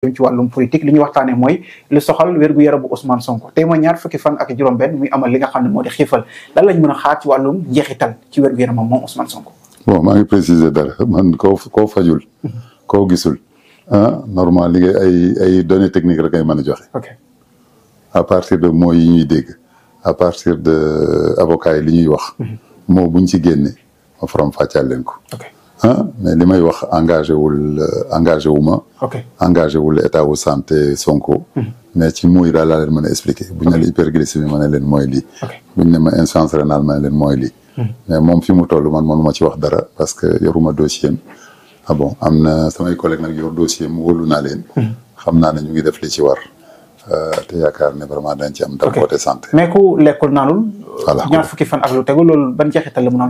jëm ci wàllum politique li ñu wax waxtaane mooy lu soxal wérgu yaramu Ousmane Sonko tey mooy ñaar fukki fan ak juróom-benn muy amal li nga xam ne moo a xiifal lan lañ mën a xaar ci wàllum jeexital ci wérgu yaramam moom Ousmane Sonko. bon maa ngi préciser dara man koo koo fajul. koo gisul ah normal li ay ay données techniques rek ngay mën a joxe. ok à partir de mots yi ñuy dégg à partir de avocats yi li ñuy wax. Mhm. moo buñ ci génne ma faram fàcceel leen ko. ah mais li may wax engagé wul euh, engagé wu ma. ok engagé wul état wu santé Sonko. Mhm. mais ci mooy daal laa a expliqué. bu ñu ne la hyperglycémie ma ne leen mooy lii. bu ñu ne ma insuffisance rénale ma ne leen mooy lii. Mhm. mais moom fi mu toll ci wax dara parce que yoruma dossier ah bon am na samay collègues nag yor dossier mu wóolu naa leen. Mhm. xam naa ne ñu ngi def li ci war. Euh, te yaakaar ne vraiment dañ ci am. ok côté santé. mais ku lekkul naanul. a am.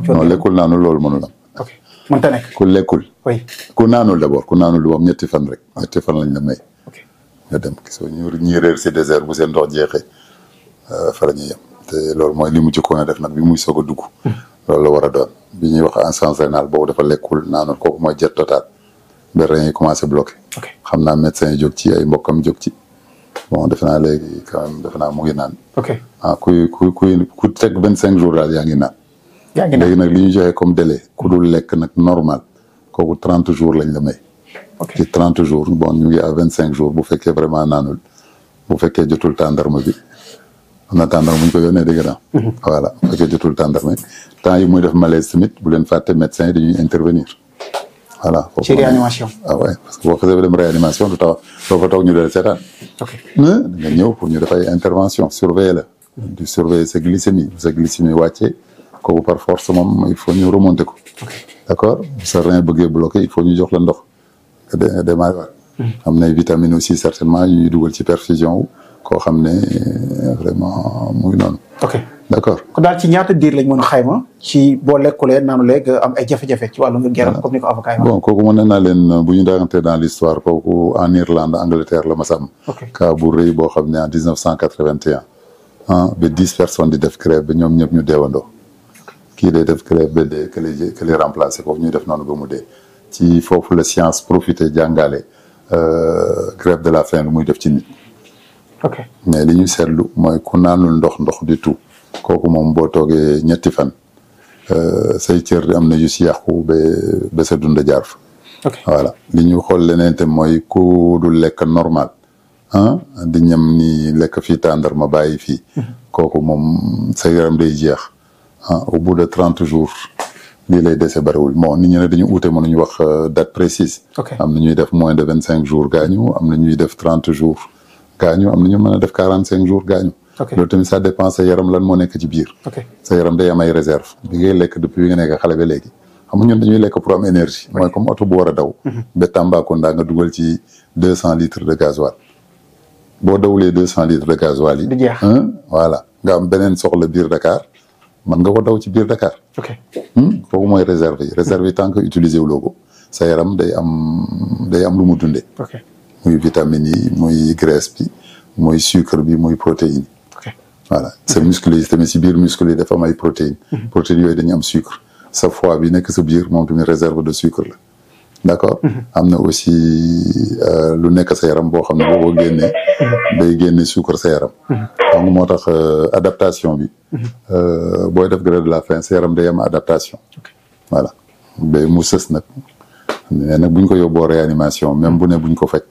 ci non lekkul naanul loolu mënul am. mënta ku lekkul. oui ku naanul d' abord ku naanul moom ñetti fan rek ñetti fan lañ la may. ok nga dem gis nga ñu ñuy réer si désert bu seen ndox jeexee euh, fa la ñuy te loolu mooy li mu jëkkoon def nag bi muy soog a dugg. Hmm. loolu la war a doon bi ñuy wax insuffisance rénale boobu dafa lekkul naanul kooku mooy jet total ba rein yi commencé bloqué. xam naa médecin yi jóg ci ay mbokkam jóg ci. bon defe naa léegi quand même defe naa ngi naan. ok ah kuy kuy kuy ku vingt cinq jours daal yaa ngi naan. yaa léegi nag li ñu joxe comme délai ku lekk nag normal kooku trente jours lañ la may. ci trente jours bon ñu ngi à vingt cinq jours bu fekkee vraiment naanul bu fekkee jotul tàndarma bi am na tàndarma bu ñu ko yónnee dégg naa. Mhm. voilà bu fekkee jotul tàndarma temps yi muy def malaise tamit bu leen fàtte médecin yi dañuy intervenir. voilà ci réanimation. ah oui parce que boo xasee ba dem taw doo fa toog ñu doon seetaan. ok ñëw pour ñu def ay intervention surveiller la. di mhm. surveiller sa glycémie sa glycémie wàccee. kooku par force moom il faut ñu remonter ko. d' accord sa rein bëggee bloqué il faut ñu jox la ndox nga démarré waat. ne hmm. nay vitamines aussi certainement yu ñuy dugal ci perfusion wu koo xam ne vraiment muy noonu. ok d' accord. kon daal ci ñaata diir lañ moon a xayma ci boo lekkulee naan léegi am ay jafe-jafe ci wàllu gerte comme ni ko avocat yi bon kooku mën na naa leen bu ñu daanantee dans l'histoire kooku en Irlande Angleterre la ma sàmm. ok cas bu rëy boo xam ne en 1981 ah ba dix personnes di def grève ba ñoom ñëpp ñu deewandoo. kii day def kële beddee kële kële remplacé ko ñuy def noonu ba mu dee ci foofu la science profité jàngale euh, grève de la faim lu muy def ci nit. ok mais li ñu seetlu mooy ku naanul ndox ndox di tout kooku moom boo toogee ñetti fan euh, say cër am na yu si yàqu ba ba jaar fa. ok voilà li ñu xool leneen te mooy ku du lekk normal ah di ñam ni lekk fii tàndar ma bàyyi fii. Mhm. kooku moom sa yaram day jeex. ah au bout de trente jours lii lay dese bariwul bon nit ñi ne dañu uute mënuñu wax euh, date précise. am na ñuy def moins de vingt cinq jours gaañu am na ñuy def trente jours gaañu am na ñu mën a def quarante cinq jours gaañu. ok loolu tamit ça dépend sa yaram lan moo nekk ci biir. sa yaram day am ay réserve bi ngay lekk depuis bi nga nekk xale ba léegi. xam nga ñun dañuy lekk pour am énergie. mooy comme oto bu war a daw. Mhm. ba Tambacounda nga dugal ci deux cent litres de gasoil. boo dawulee deux cent litres de gasoil yi. du nga am beneen soxla biir Dakar. man nga ko daw ci biir Dakar. ok kooku hmm? mooy réserve yi réserve yi tant que utiliser wuloo ko sa yaram day am day am lu mu dundee. ok muy vitamines yi muy graisse bi muy sucre bi muy protéine. ok voilà sa muscle si biir muscle yi dafa am ay protéines. Mhm. protéines yooyu dañuy am sucre. sa fois bi nekk sa biir moom tamit réserve de sucre la. d' accord mm-hmm. am na aussi euh, lu nekk sa yaram boo xam ne boo ko génnee mm-hmm. day génne suukar sa yaram mm-hmm. donc moo tax euh, adaptation bi euh, booy def grève de la fin sa yaram day am adaptation voilà ba mu sës nag mais nag bu ñu ko yóbboo réanimation même bu ne bu ko faj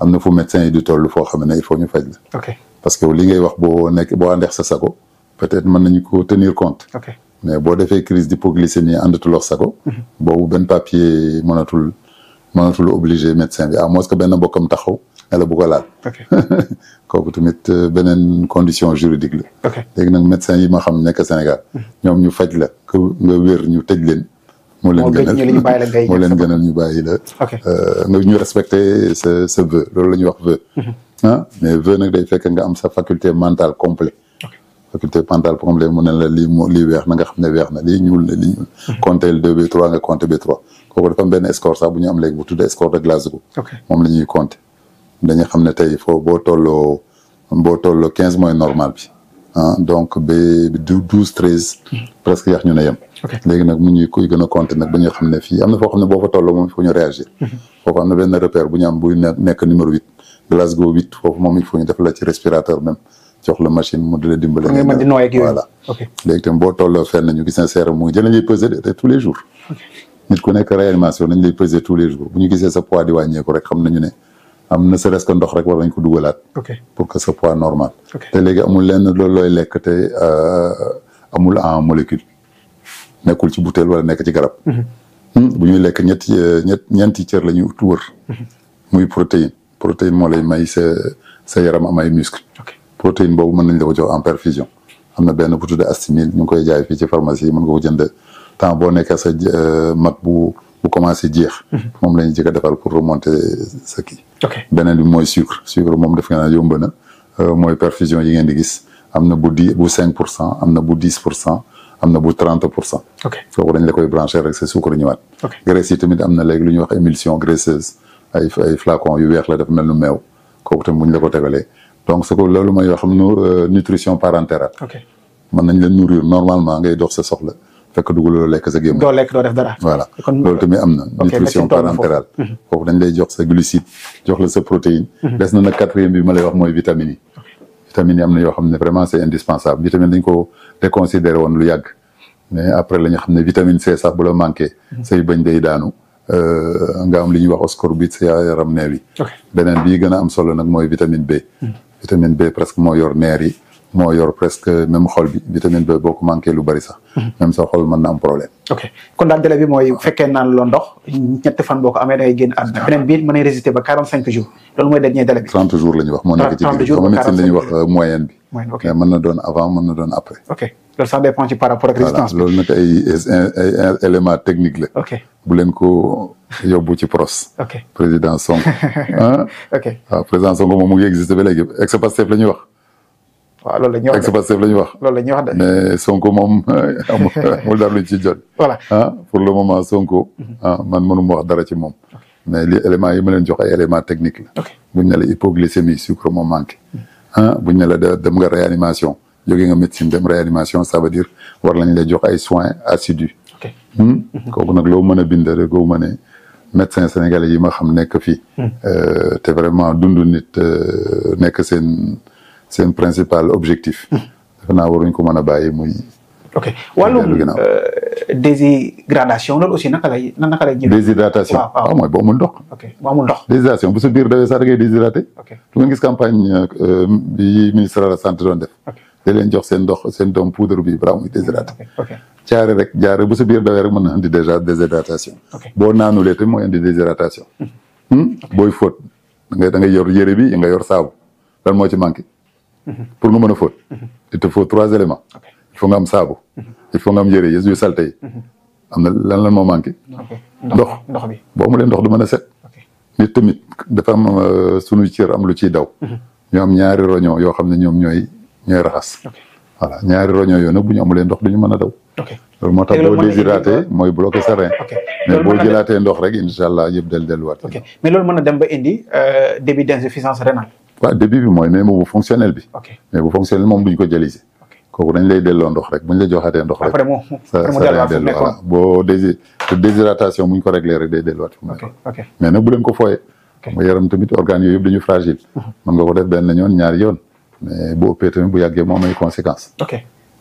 am na fu médecin yi di toll foo xam ne il faut ñu faj la parce que li ngay wax boo nekk boo àndeex sa sago peut-être mën nañu ko tenir compte mais boo defee crise d'hypoglycémie àndatuloo sago mhm. boobu benn papier mënatul mënatul obligé médecin bi à moins que benn bokkam taxaw ne la bu ko laal kooku tamit euh, beneen condition juridique la léegi nag médecin yi ma xam nekk Sénégal mhm. ñoom ñu faj la que nga ñu tëj leen moo leen gënal moo leen gënal ñu bàyyi la euh, nga ñu respecté sa sa vœu loolu la ñuy wax vœu mhm. ah, mais vœu nag day fekk nga am sa faculté mentale complète faculté pendant problème mu ne la lii mu lii weex nga xam ne weex na lii ñuul na mhm. deux bi trois nga compté bi trois kooku dafa am benn score sax bu ñu am léegi bu tuddee score de Glasgow moom la ñuy compté xam ne tey foofu boo tolloo boo tolloo quinze mooy normal bi ah ba douze treize mhm. presque yax ñu ne yem léegi nag mu ñuy kuy a compté nag ba ñu xam ne fii am na ne boo fa tolloo moom il faut ñu réagir mhm. foofu am na benn repère bu ñu am buy nekk numéro huit Glasgow huit foofu moom il faut ñu def la ci respirateur même jox la machine mu di la dimbale. nga mën di nooy ak yooyu voilà. léegi itam boo tolloo fenn ñu gis ne seeram mu jël lay ñu gisee ne am na serait ndox rek war nañ ko dugalaat. pour que sa poids normal. te léegi amul lenn loolu looy lekk te euh, amul en molécule nekkul ci butéel wala nekk ci garab. Mhm. Hmm, bu ñuy lekk ñetti euh, ñett ñeenti cër la ñuy wër. Mhm. muy protéine protéine moo lay may sa sa yaram am ay muscle. protéine boobu mën nañ la ko jox en perfusion am na benn bu tuddee astimil ñu ngi koy jaay fii ci pharmacie yi mën nga ko jënd temps boo nekkee sa euh, mat bu bu commencé jeex. Mhm. moom la ñuy jëkk a defal pour remonter sa kii. beneen bi mooy sucre sucre moom def nga ne yomb na euh, mooy perfusion yi ngeen di gis am na bu dix bu cinq pour cent am na bu dix pour cent am na bu trente pour cent. ok kooku dañ la koy branché rek sa sucre ñëwaat. ok graisse yi tamit am na léegi lu ñuy wax émulsion graisseuse ay ay flacon yu weex la def mel nu meew kooku tamit bu ñu la ko tegalee. donc su ko loolu mooy yoo xam ne nutrition parentérale. ok mën nañ la nourrir normalement ngay dox sa soxla fekk dugaloo lekk sa gémmiñ. doo lekk doo def dara. voilà loolu tamit am na. nutrition parentérale. foofu mhm. dañ lay jox sa glucide jox la sa protéine. Mhm. des na nag quatrième bi ma lay wax mooy vitamines yi. vitamines yi am na yoo xam ne vraiment c'est indispensable vitamine dañ ko déconsidéré woon lu yàgg mais après la ñu xam ne vitamine C sax bu la manqué. Mhm. say bañ day daanu. Euh, nga am li ñuy wax ascorbut sa yaram neew yi. beneen bi gën a am solo nag mooy vitamine B. vitamine B presque moo yor nerf moo yor presque même xol bi vitamine B boo ko lu bari sax. Mhm. même sa xol mën na am problème. ok kon daal délai bi mooy bu fekkee naan loo ndox ñetti fan boo ko amee dangay génn àdduna. beneen bi mën nañ cinq jours loolu mooy dernier délai bi. trente jours la nekk ci biir xam euh, bi. moyenne ok mais mën na doon avant mën na doon après. ok loolu ça dépend ci par rapport ak résistance bi. loolu ay élément technique la. ok bu ko yóbbu ci pros. ok président Sonko. Ah. ok waaw ah, président Sonko moom mu ngi existé ba léegi ex la ñuy wax. waaw loolu la ñuy wax de la ñuy wax. loolu la ñuy Sonko moom mu dara luñ ci jot. voilà ah, pour le moment Sonko. Mhm. ah man mënuma wax dara ci moom. mais li éléments yi ma leen jox ay techniques la. ok buñ ne la hypoglycémie sucre moo manqué. Mhm. ah buñ ne la dem nga réanimation jóge nga médecine dem réanimation ça veut dire war lañ lay jox ay soins assidus. ok hmm? mhm. kooku nag loo mën a bind rek loo mën a médecin sénégalais yi ma xam nekk fii. Hmm. Euh, te vraiment dund nit euh, nekk seen. seen principal objectif. Hmm. defe naa waruñ ko mën a bàyyi muy. ok wàllum euh, déshydration loolu aussi naka lay naka lay. déshydratation waaw ah, mooy boo amul ndox. ok boo amul ndox. biir dawee sax da ngay déshydraté. ok du nga gis campagne euh, bi ministère de la santé doon def. leen jox seen ndox seen doom poudre bi bravo muy déshydraté. ok jaare rek jaare bu sa biir dawee rek mën na andi déjà déshydratation. boo naanulee tamit mooy andi déshydratation. Hmm. Hmm? booy fóot da ngay da ngay yor yére bi nga yor saabu ran moo ci manqué. pour nga mën a fóot il te faut trois éléments il faut am saabu il faut nga am yére yës yu salte am na lan lan moo manqué ndox ndox bi boo amulee ndox du mën a set nit tamit dafa am euh, sunu cër am lu ciy daw ñoom ñaari roño yoo xam ne ñoom ñooy ñooy raxas voilà ñaari roño yoo nag bu ñu amulee ndox du ñu mën a daw loolu moo tax bo déshydraté mooy bloqué sa rein mais boo jëlaatee ndox rek incha allah yëpp del delluwaat mais loolu mën a dem ba indi euh, début d'insuffisance rénale waaw début bi mooy même bu fonctionnel bi. mais bu fonctionnel moom duñ ko dialyser. kooku dañ lay delloo ndox rek buñ la joxaatee ndox rek. après boo désir déshydratation bu ñu ko réglé rek day delluwaat. ok mais nag bu leen ko fooyee. mu yaram tamit organes yooyu yëpp dañu fragile. Mhm. mën ko ko def benn ñoon ñaari yoon mais bu ëppee tamit bu yàggee moo am ay conséquences.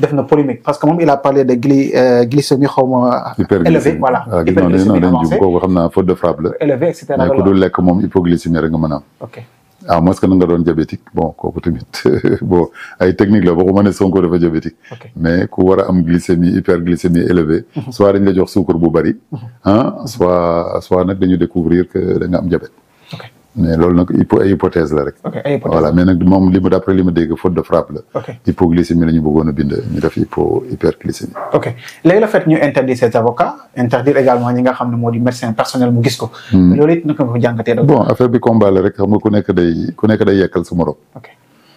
def na polémique parce que moom il a parlé de euh, glycémie xaw ma. élevé voilà ah, hyperglycémie avancée kooku xam naa faute de frappe élevé et cetera mais ku dul lekk moom hypoglycémie rek nga mën a am. ok que na nga doon diabétique bon kooku tamit bon ay technique la waxuma ne Sonko dafa diabétique. mais ku war a am glycémie hyperglycémie élevée. Mhm. soit dañ jox suukar bu bari. ah soit soit nag dañu découvrir que da nga am diabète. mais loolu na ay hypothèse la rek. voilà mais nag moom li mu d' après li ma dégg de frappe la. ok hypoglycémie la ñu bëggoon a bind ñu def hypo hyperglycémie. ok léegi le fait ñu interdire ces avocats interdire également ñi nga xam ne moo di médecin personnel mu gis ko. Hmm. loolu it naka nga ko jàngatee. bon affaire bi combat la rek xam nga ku nekk day ku nekk day yekkal su morom. ok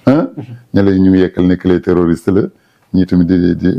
ah. ñu ne nekk les terroristes la ñii tamit di.